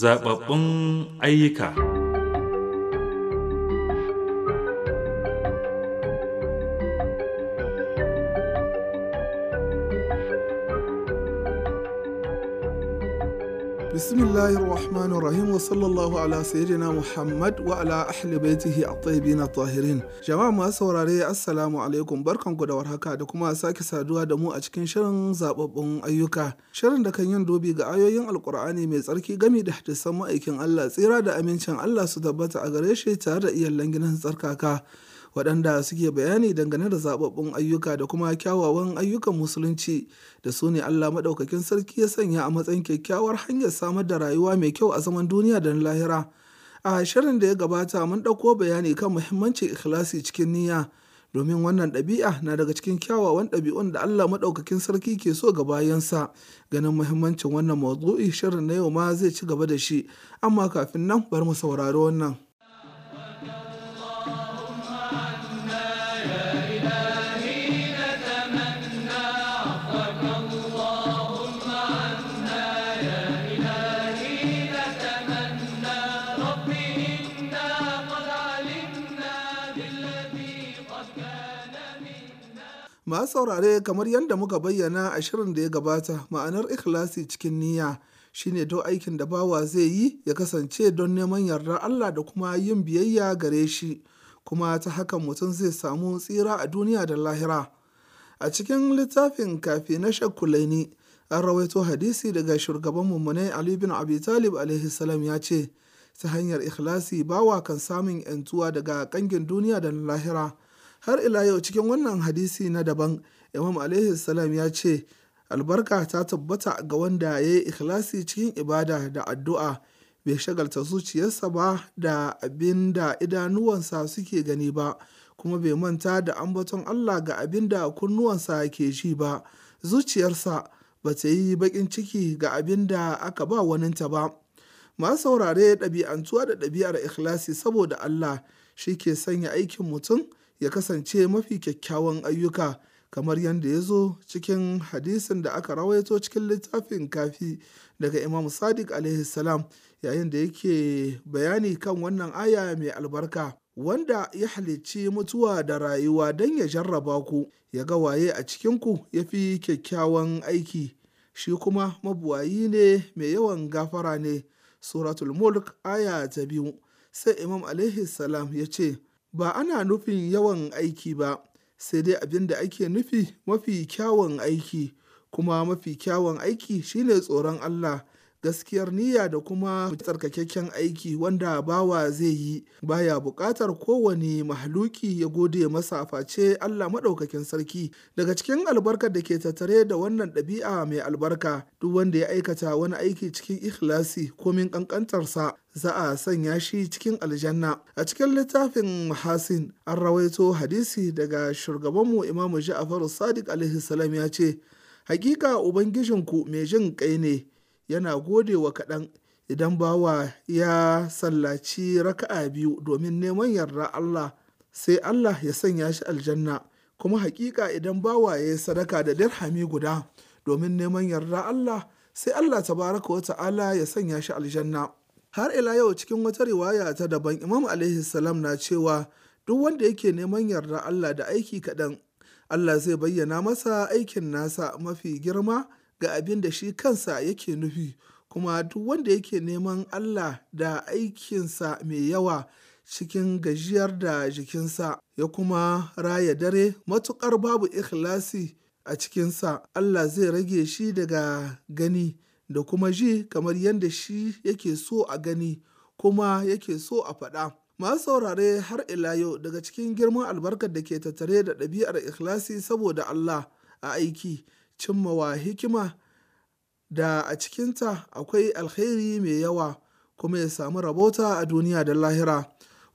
zababbun ayyuka bismillahir rahmanir rahim wa sallallahu ala sayyidina muhammad wa ala ahli baitihi at-tayyibin at-tahirin jama'a masu saurare assalamu alaikum barkanku da warhaka da kuma sake saduwa da mu a cikin shirin zababbun ayyuka shirin da kan yin dubi ga ayoyin alkur'ani mai tsarki gami da hadisan ma'aikin Allah tsira da amincin Allah su tabbata a gare shi tare da iyalan gidan tsarkaka waɗanda suke bayani dangane da zaɓaɓɓun ayyuka da kuma kyawawan ayyukan musulunci da su ne Allah maɗaukakin sarki ya sanya a matsayin kyakkyawar hanyar samar da rayuwa mai kyau a zaman duniya da na lahira. A shirin da ya gabata mun ɗauko bayani kan muhimmancin ikhlasi cikin niyya domin wannan ɗabi'a na daga cikin kyawawan ɗabi'un da Allah maɗaukakin sarki ke so ga bayansa ganin muhimmancin wannan mawdu'i shirin na yau ma zai ci gaba da shi amma kafin nan bar mu saurari wannan. Masu saurare kamar yadda muka bayyana a shirin da ya gabata ma'anar ikhlasi cikin niyya shine to aikin da bawa zai yi ya kasance don neman yardar Allah da kuma yin biyayya gare shi kuma ta hakan mutum zai samu tsira a duniya da lahira. A cikin littafin kafi na shakulaini an rawaito hadisi daga shugaban mummunai Ali bin Abi Talib alaihi salam ya ce ta hanyar ikhlasi bawa kan samun 'yantuwa daga kangin duniya da lahira. har ila yau cikin wannan hadisi na daban imam alaihi salam ya ce albarka ta tabbata ga wanda ya yi ikhlasi cikin ibada da addu'a bai shagalta zuciyarsa ba da abin da idanuwansa suke gani ba kuma bai manta da ambaton Allah ga abin da kunnuwansa ke ji ba zuciyarsa ba ta yi baƙin ciki ga abin da aka ba waninta ba ma saurare ɗabi'antuwa da ɗabi'ar ikhlasi saboda Allah shi ke sanya aikin mutum ya kasance mafi kyakkyawan ayyuka kamar yadda ya zo cikin hadisin da aka rawaito cikin littafin kafi daga Imam Sadiq salam yayin da yake bayani kan wannan aya mai albarka wanda ya halicci mutuwa da rayuwa don ya jarraba ku ya ga waye a cikinku ya fi kyakkyawan aiki shi kuma mabuwayi ne mai yawan gafara ne suratul mulk aya ta biyu sai imam salam ya ce Ba ana nufin yawan aiki ba, sai dai abin da ake nufi mafi kyawun aiki, kuma mafi kyawun aiki shine tsoron Allah. gaskiyar niyya da kuma tsarkakekken aiki wanda bawa zai yi baya buƙatar kowane mahaluki ya gode masa face Allah maɗaukakin sarki daga cikin albarkar da ke tattare da wannan ɗabi'a mai albarka duk wanda ya aikata wani aiki cikin ikhlasi komin ƙanƙantarsa za a sanya shi cikin aljanna a cikin littafin hasin an rawaito hadisi daga shugabanmu imamu ja'afar sadiq alaihi ya ce hakika ubangijinku mai jin kai ne yana godewa kaɗan idan bawa ya sallaci raka'a biyu domin neman yarda Allah sai Allah ya sanya shi aljanna kuma hakika idan bawa ya sadaka da dirhami guda domin neman yarda Allah sai Allah tabaraka wa ta'ala ya sanya shi aljanna har ila yau cikin wata riwaya ta daban Imam alaihi salam na cewa duk wanda yake neman yarda Allah da aiki kaɗan Allah zai bayyana masa aikin nasa mafi girma ga abin da shi kansa yake nufi, kuma duk wanda yake neman Allah da aikinsa mai yawa cikin gajiyar da jikinsa ya kuma raya dare matuƙar babu ikhlasi a cikinsa, Allah zai rage shi daga gani da kuma ji kamar yadda shi yake so a gani kuma yake so a faɗa. masu saurare har ila yau daga cikin girman albarkar da ke tattare da ɗabi'ar ikhlasi saboda Allah a aiki cimmawa hikima da a cikinta akwai alkhairi mai yawa kuma ya samu rabota a duniya da lahira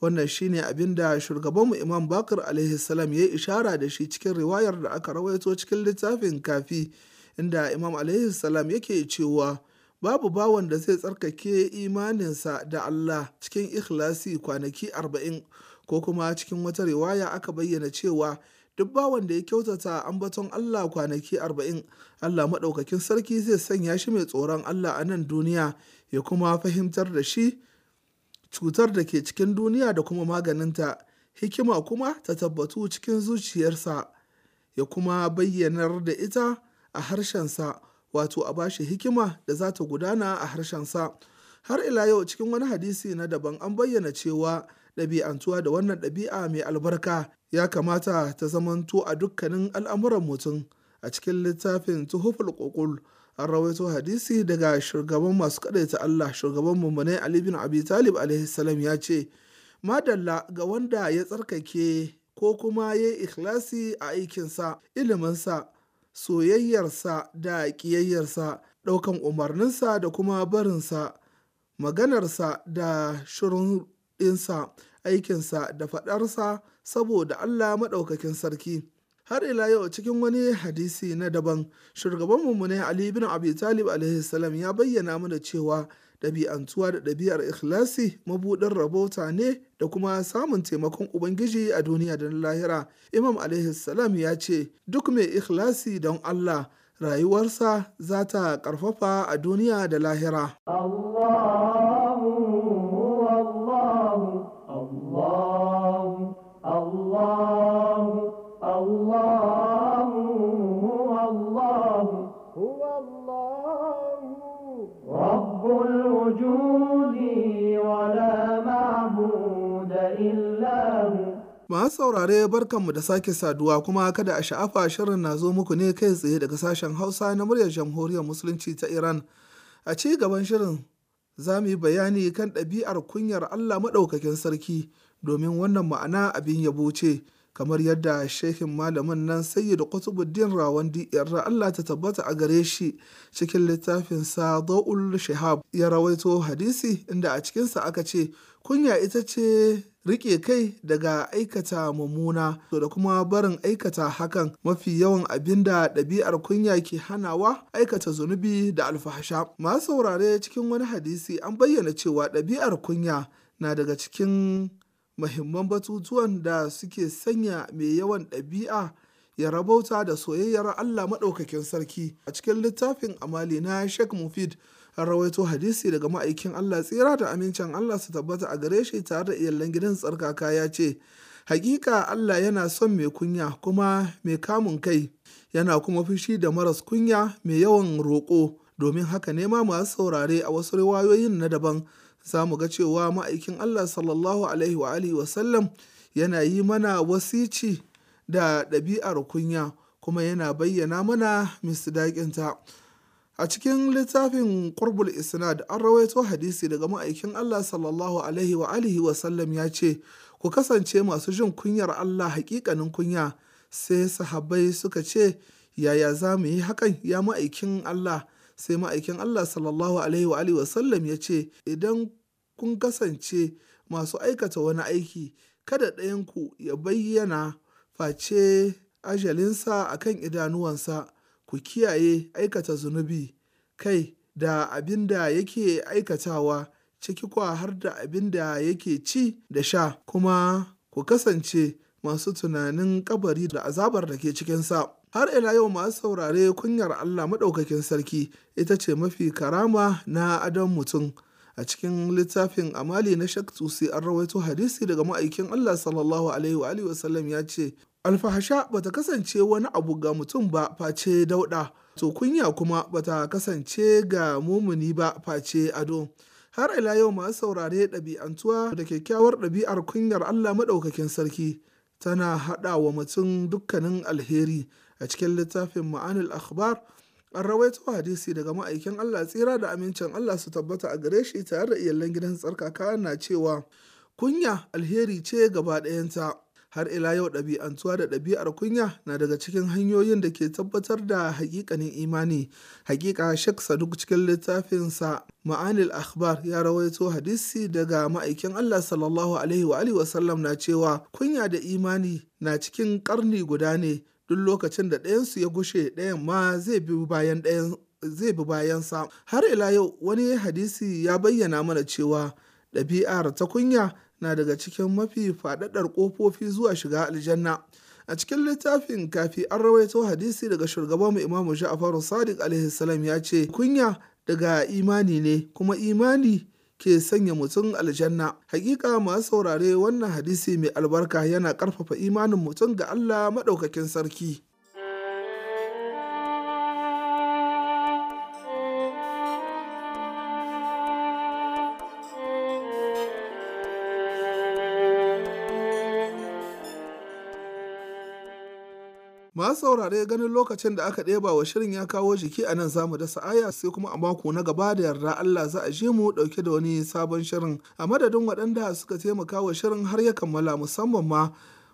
wannan shine abin da shugabanmu imam bakar alaihi ya ishara da shi cikin riwayar da aka rawaito cikin littafin kafi inda imam alaihi yake cewa babu bawan da zai tsarkake imaninsa da Allah cikin ikhlasi kwanaki arba'in ko kuma cikin wata riwaya aka bayyana cewa duk bawan da ya kyautata ambaton Allah kwanaki arba'in Allah maɗaukakin sarki zai sanya shi mai tsoron Allah a nan duniya ya kuma fahimtar da shi cutar da ke cikin duniya da kuma maganinta hikima kuma ta tabbatu cikin zuciyarsa ya kuma bayyanar da ita a harshensa wato a bashi hikima da za ta gudana a harshensa har ila yau cikin wani hadisi na daban an bayyana cewa ɗabi'antuwa da wannan ɗabi'a mai albarka ya kamata ta zamanto a dukkanin al'amuran mutum a cikin littafin tuhuful kokul an rawaito hadisi daga shugaban masu ta Allah shugaban mummunai Ali bin Abi Talib salam ya ce madalla ga wanda ya tsarkake ko kuma ya yi ikhlasi a aikinsa iliminsa soyayyarsa da ƙiyayyarsa ɗaukan umarninsa da kuma barinsa maganarsa da shirin ɗinsa aikinsa da faɗarsa saboda Allah maɗaukakin sarki. har ila yau cikin wani hadisi na daban shugaban ne ali bin abi talib salam ya bayyana mana cewa ɗabi'antuwa da ɗabi'ar ikhlasi mabuɗin rabota ne da kuma samun taimakon ubangiji a duniya da lahira imam salam ya ce duk mai ikhlasi don allah rayuwarsa za ta ƙarfafa a duniya da lahira Allah. Masu saurare barkanmu da sake saduwa kuma kada a sha'afa shirin na zo muku ne kai tsaye daga sashen Hausa na muryar Jamhuriyar Musulunci ta Iran. A ci gaban shirin za mu yi bayani kan ɗabi'ar kunyar Allah Maɗaukakin Sarki domin wannan ma'ana abin yabo ce kamar yadda shehin malamin nan Sayyid Qutbuddin rawan diyar Allah ta tabbata a gare shi cikin littafin sa shahab Shihab ya rawaito hadisi inda a cikinsa aka ce kunya ita ce rike kai daga aikata mummuna to da kuma barin aikata hakan mafi yawan abinda ɗabi'ar kunya ke hanawa aikata zunubi da alfahasha masu saurare cikin wani hadisi an bayyana cewa ɗabi'ar kunya na daga cikin mahimman batutuwan da suke sanya mai yawan ɗabi'a ya rabauta da soyayyar Allah maɗaukakin sarki a cikin littafin amali na Sheikh Mufid an rawaito hadisi daga ma'aikin Allah tsira da amincin Allah su tabbata a gare shi tare da iyalan gidan tsarkaka ya ce hakika Allah yana son mai kunya kuma mai kamun kai yana kuma fushi da maras kunya mai yawan roƙo domin haka ne ma masu saurare a wasu riwayoyin na daban za mu ga cewa ma'aikin Allah sallallahu alaihi wa alihi wa yana yi mana wasici da ɗabi'ar kunya kuma yana bayyana mana misdaƙinta. A cikin littafin Qurbul Isnad an rawaito hadisi daga ma'aikin Allah sallallahu alaihi wa alihi wa sallam ya ce ku kasance masu jin kunyar Allah hakikanin kunya sai sahabbai suka ce yaya za mu yi hakan ya ma'aikin Allah sai ma'aikin Allah sallallahu alaihi wa alihi wa sallam ya ce idan kun kasance masu aikata wani aiki kada ɗayanku ya bayyana face ajalinsa akan idanuwansa ku kiyaye aikata zunubi, kai, da abin da yake aikatawa, ciki kuwa har da abin da yake ci da sha, kuma ku kasance masu tunanin kabari da azabar da ke cikinsa. Har ila yau masu saurare kunyar Allah Maɗaukakin Sarki ita ce mafi karama na adon mutum. A cikin littafin Amali na Shaktusi an rawaito hadisi daga ma'aikin Allah sallallahu Alaihi wa sallam ya ce, alfahasha bata kasance wani abu ga mutum ba face dauɗa to kunya kuma bata kasance ga mumuni ba face ado har ila yau masu saurare ɗabi'antuwa da kyakkyawar ɗabi'ar kunyar Allah maɗaukakin sarki tana haɗa wa mutum dukkanin alheri a cikin littafin ma'anil akhbar an rawaito hadisi daga ma'aikin Allah tsira da amincin Allah su tabbata a gare shi tare da iyalan gidan tsarkaka na cewa kunya alheri ce gaba ɗayanta har ila yau ɗabi'antuwa da ɗabi'ar kunya na daga cikin hanyoyin da ke tabbatar da haƙiƙanin imani haƙiƙa Sheikh Saduk cikin littafinsa Ma'anil Akhbar ya rawaito hadisi daga ma'aikin Allah sallallahu alaihi wa alihi wasallam na cewa kunya da imani na cikin ƙarni guda ne duk lokacin da ɗayansu ya gushe ɗayan ma zai bi bayan ɗayan zai bi bayansa har ila yau wani hadisi ya bayyana mana cewa ɗabi'ar ta kunya na daga cikin mafi faɗaɗar ƙofofi zuwa shiga aljanna a cikin littafin kafi an rawaito hadisi daga shugabanmu imamu ja'faru sadiq alaihi ya ce kunya daga imani ne kuma imani ke sanya mutum aljanna hakika masu saurare wannan hadisi mai albarka yana ƙarfafa imanin mutum ga allah maɗaukakin sarki masu saurare ganin lokacin da aka ɗeba wa shirin ya kawo jiki a nan za mu dasa aya sai kuma a mako na gaba da yarda Allah za a je mu ɗauke da wani sabon shirin a madadin waɗanda suka taimaka wa shirin har ya kammala musamman ma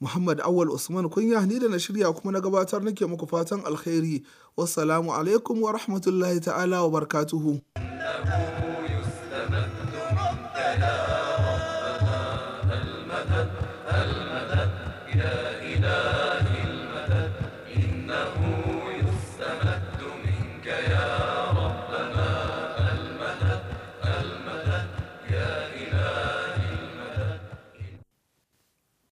Muhammad Awal Usman kunya ni da na shirya kuma na gabatar nake muku fatan alkhairi wassalamu alaikum wa rahmatullahi ta'ala wa barkatuhu.